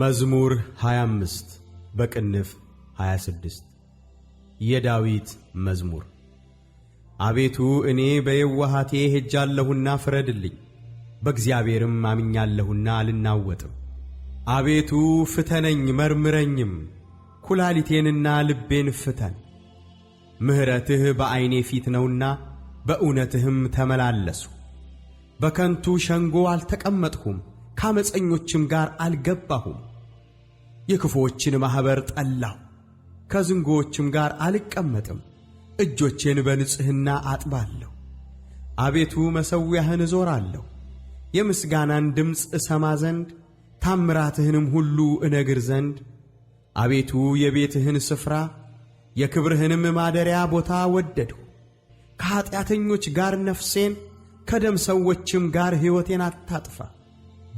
መዝሙር 25 በቅንፍ 26 የዳዊት መዝሙር። አቤቱ እኔ በየዋሃቴ ሄጃለሁና ፍረድልኝ፣ በእግዚአብሔርም አምኛለሁና አልናወጥም። አቤቱ ፍተነኝ መርምረኝም፣ ኩላሊቴንና ልቤን ፍተን። ምሕረትህ በዐይኔ ፊት ነውና በእውነትህም ተመላለሱ። በከንቱ ሸንጎ አልተቀመጥሁም ከአመፀኞችም ጋር አልገባሁም። የክፉዎችን ማኅበር ጠላሁ፣ ከዝንጎዎችም ጋር አልቀመጥም። እጆቼን በንጽሕና አጥባለሁ። አቤቱ መሠዊያህን እዞራለሁ፣ የምስጋናን ድምፅ እሰማ ዘንድ ታምራትህንም ሁሉ እነግር ዘንድ። አቤቱ የቤትህን ስፍራ የክብርህንም ማደሪያ ቦታ ወደድሁ። ከኀጢአተኞች ጋር ነፍሴን ከደም ሰዎችም ጋር ሕይወቴን አታጥፋ።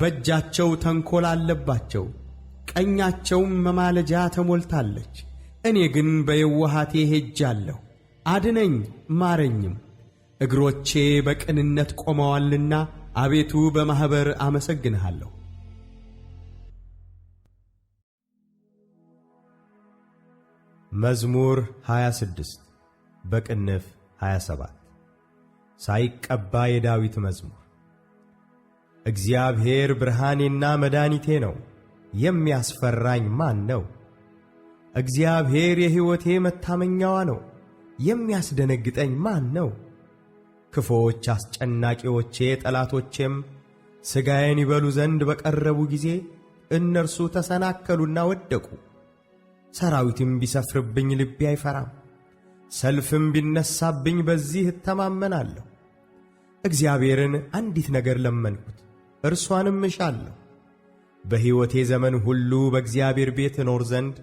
በእጃቸው ተንኰል አለባቸው፣ ቀኛቸውም መማለጃ ተሞልታለች። እኔ ግን በየውሃቴ ሄጃለሁ፣ አድነኝ ማረኝም። እግሮቼ በቅንነት ቆመዋልና አቤቱ በማኅበር አመሰግንሃለሁ። መዝሙር 26 በቅንፍ 27 ሳይቀባ የዳዊት መዝሙር እግዚአብሔር ብርሃኔና መድኃኒቴ ነው፤ የሚያስፈራኝ ማን ነው? እግዚአብሔር የሕይወቴ መታመኛዋ ነው፤ የሚያስደነግጠኝ ማን ነው? ክፉዎች አስጨናቂዎቼ ጠላቶቼም ሥጋዬን ይበሉ ዘንድ በቀረቡ ጊዜ እነርሱ ተሰናከሉና ወደቁ። ሰራዊትም ቢሰፍርብኝ ልቤ አይፈራም፤ ሰልፍም ቢነሳብኝ በዚህ እተማመናለሁ። እግዚአብሔርን አንዲት ነገር ለመንኩት እርሷንም እሻለሁ። በሕይወቴ ዘመን ሁሉ በእግዚአብሔር ቤት እኖር ዘንድ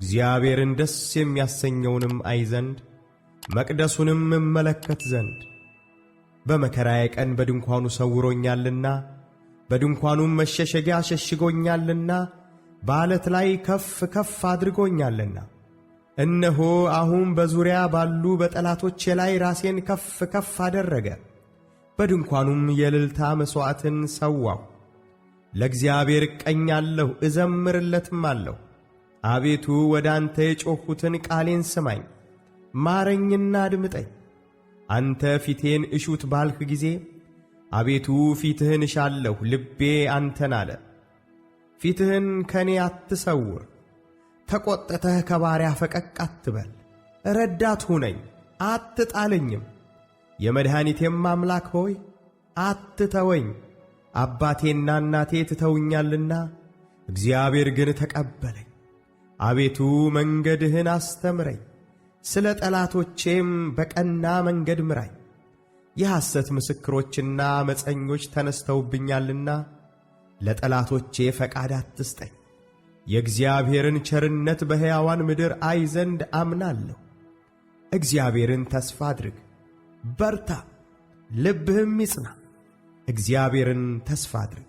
እግዚአብሔርን ደስ የሚያሰኘውንም አይ ዘንድ መቅደሱንም እመለከት ዘንድ። በመከራዬ ቀን በድንኳኑ ሰውሮኛልና በድንኳኑም መሸሸጊያ ሸሽጎኛልና በዓለት ላይ ከፍ ከፍ አድርጎኛልና። እነሆ አሁን በዙሪያ ባሉ በጠላቶቼ ላይ ራሴን ከፍ ከፍ አደረገ። በድንኳኑም የልልታ መሥዋዕትን ሰዋሁ። ለእግዚአብሔር እቀኛለሁ እዘምርለትም አለሁ። አቤቱ ወደ አንተ የጮኽሁትን ቃሌን ስማኝ፣ ማረኝና አድምጠኝ። አንተ ፊቴን እሹት ባልህ ጊዜ አቤቱ ፊትህን እሻለሁ፣ ልቤ አንተን አለ። ፊትህን ከእኔ አትሰውር፣ ተቈጥተህ ከባሪያ ፈቀቅ አትበል። ረዳት ሁነኝ፣ አትጣለኝም የመድኃኒቴም አምላክ ሆይ አትተወኝ፤ አባቴና እናቴ ትተውኛልና እግዚአብሔር ግን ተቀበለኝ። አቤቱ መንገድህን አስተምረኝ፣ ስለ ጠላቶቼም በቀና መንገድ ምራኝ። የሐሰት ምስክሮችና ዓመፀኞች ተነስተውብኛልና ለጠላቶቼ ፈቃድ አትስጠኝ። የእግዚአብሔርን ቸርነት በሕያዋን ምድር አይ ዘንድ አምናለሁ። እግዚአብሔርን ተስፋ አድርግ በርታ፣ ልብህም ይጽና፣ እግዚአብሔርን ተስፋ አድርግ።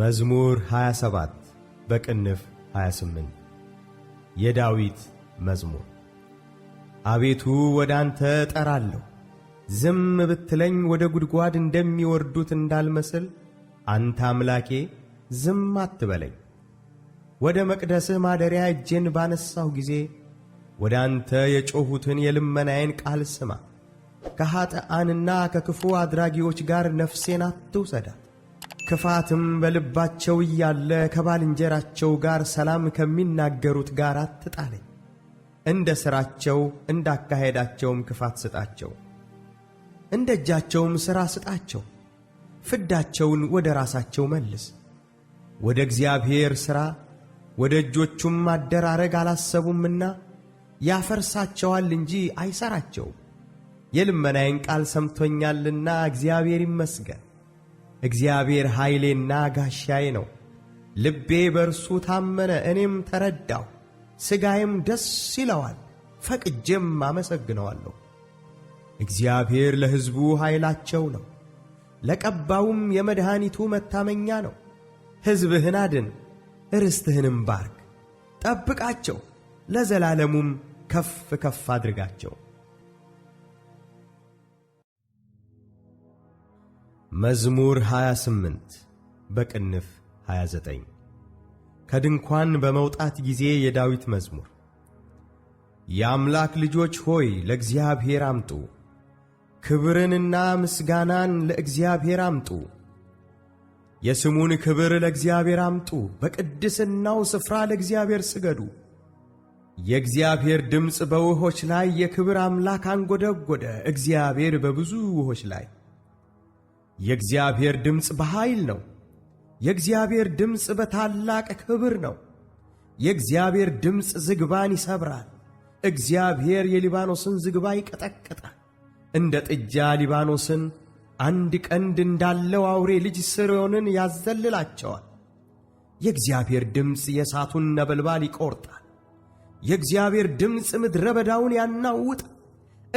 መዝሙር 27 በቅንፍ 28 የዳዊት መዝሙር። አቤቱ ወደ አንተ እጠራለሁ፣ ዝም ብትለኝ ወደ ጉድጓድ እንደሚወርዱት እንዳልመስል አንተ አምላኬ ዝም አትበለኝ። ወደ መቅደስህ ማደሪያ እጄን ባነሳሁ ጊዜ ወደ አንተ የጮኹትን የልመናዬን ቃል ስማ። ከኀጥኣንና ከክፉ አድራጊዎች ጋር ነፍሴን አትውሰዳት። ክፋትም በልባቸው እያለ ከባልንጀራቸው ጋር ሰላም ከሚናገሩት ጋር አትጣለኝ። እንደ ሥራቸው እንዳካሄዳቸውም ክፋት ስጣቸው፣ እንደ እጃቸውም ሥራ ስጣቸው። ፍዳቸውን ወደ ራሳቸው መልስ። ወደ እግዚአብሔር ሥራ ወደ እጆቹም ማደራረግ አላሰቡምና ያፈርሳቸዋል እንጂ አይሠራቸውም። የልመናዬን ቃል ሰምቶኛልና እግዚአብሔር ይመስገን። እግዚአብሔር ኃይሌና ጋሻዬ ነው። ልቤ በእርሱ ታመነ፣ እኔም ተረዳሁ። ሥጋዬም ደስ ይለዋል፣ ፈቅጄም አመሰግነዋለሁ። እግዚአብሔር ለሕዝቡ ኃይላቸው ነው፣ ለቀባውም የመድኃኒቱ መታመኛ ነው። ሕዝብህን አድን ርስትህንም ባርክ፣ ጠብቃቸው፣ ለዘላለሙም ከፍ ከፍ አድርጋቸው። መዝሙር 28 በቅንፍ 29 ከድንኳን በመውጣት ጊዜ የዳዊት መዝሙር። የአምላክ ልጆች ሆይ ለእግዚአብሔር አምጡ፣ ክብርንና ምስጋናን ለእግዚአብሔር አምጡ የስሙን ክብር ለእግዚአብሔር አምጡ፣ በቅድስናው ስፍራ ለእግዚአብሔር ስገዱ። የእግዚአብሔር ድምፅ በውሆች ላይ የክብር አምላክ አንጎደጎደ፣ እግዚአብሔር በብዙ ውሆች ላይ። የእግዚአብሔር ድምፅ በኃይል ነው። የእግዚአብሔር ድምፅ በታላቅ ክብር ነው። የእግዚአብሔር ድምፅ ዝግባን ይሰብራል። እግዚአብሔር የሊባኖስን ዝግባ ይቀጠቅጣል፣ እንደ ጥጃ ሊባኖስን አንድ ቀንድ እንዳለው አውሬ ልጅ ስርዮንን ያዘልላቸዋል። የእግዚአብሔር ድምፅ የእሳቱን ነበልባል ይቆርጣል። የእግዚአብሔር ድምፅ ምድረ በዳውን ያናውጣል።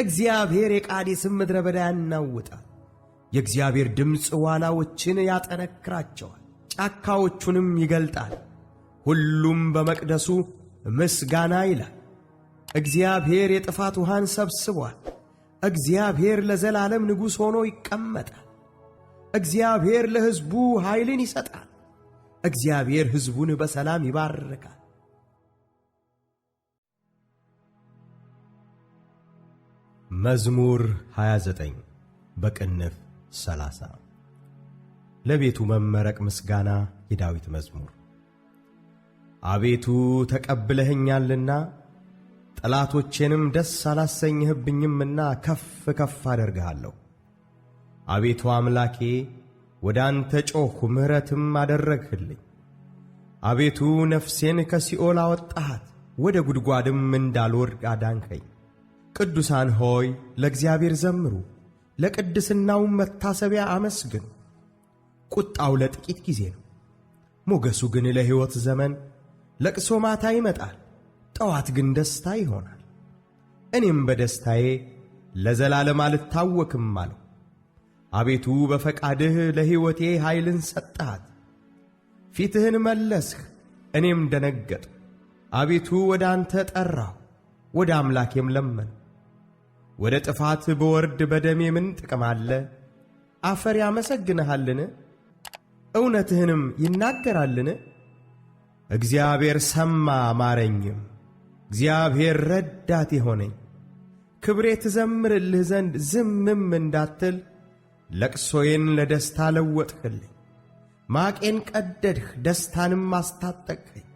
እግዚአብሔር የቃዴስን ምድረ በዳ ያናውጣል። የእግዚአብሔር ድምፅ ዋላዎችን ያጠነክራቸዋል፣ ጫካዎቹንም ይገልጣል። ሁሉም በመቅደሱ ምስጋና ይላል። እግዚአብሔር የጥፋት ውሃን ሰብስቧል። እግዚአብሔር ለዘላለም ንጉሥ ሆኖ ይቀመጣል። እግዚአብሔር ለሕዝቡ ኃይልን ይሰጣል። እግዚአብሔር ሕዝቡን በሰላም ይባርካል። መዝሙር 29 በቅንፍ 30 ለቤቱ መመረቅ ምስጋና የዳዊት መዝሙር። አቤቱ ተቀብለኸኛልና ጠላቶቼንም ደስ አላሰኝህብኝምና ከፍ ከፍ አደርግሃለሁ። አቤቱ አምላኬ ወደ አንተ ጮኽሁ፣ ምሕረትም አደረግህልኝ። አቤቱ ነፍሴን ከሲኦል አወጣሃት፣ ወደ ጉድጓድም እንዳልወርድ አዳንከኝ። ቅዱሳን ሆይ ለእግዚአብሔር ዘምሩ፣ ለቅድስናውም መታሰቢያ አመስግኑ። ቁጣው ለጥቂት ጊዜ ነው፣ ሞገሱ ግን ለሕይወት ዘመን። ለቅሶ ማታ ይመጣል ጠዋት ግን ደስታ ይሆናል። እኔም በደስታዬ ለዘላለም አልታወክም አለው። አቤቱ በፈቃድህ ለሕይወቴ ኃይልን ሰጠሃት። ፊትህን መለስህ፣ እኔም ደነገጥ። አቤቱ ወደ አንተ ጠራሁ፣ ወደ አምላኬም ለመን። ወደ ጥፋት በወርድ በደሜ ምን ጥቅም አለ? አፈር ያመሰግንሃልን? እውነትህንም ይናገራልን? እግዚአብሔር ሰማ ማረኝም። እግዚአብሔር ረዳቴ ሆነኝ። ክብሬ ትዘምርልህ ዘንድ ዝምም እንዳትል ለቅሶዬን ለደስታ ለወጥህልኝ። ማቄን ቀደድህ፣ ደስታንም አስታጠቀኝ።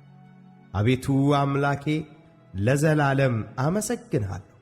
አቤቱ አምላኬ ለዘላለም አመሰግንሃለሁ።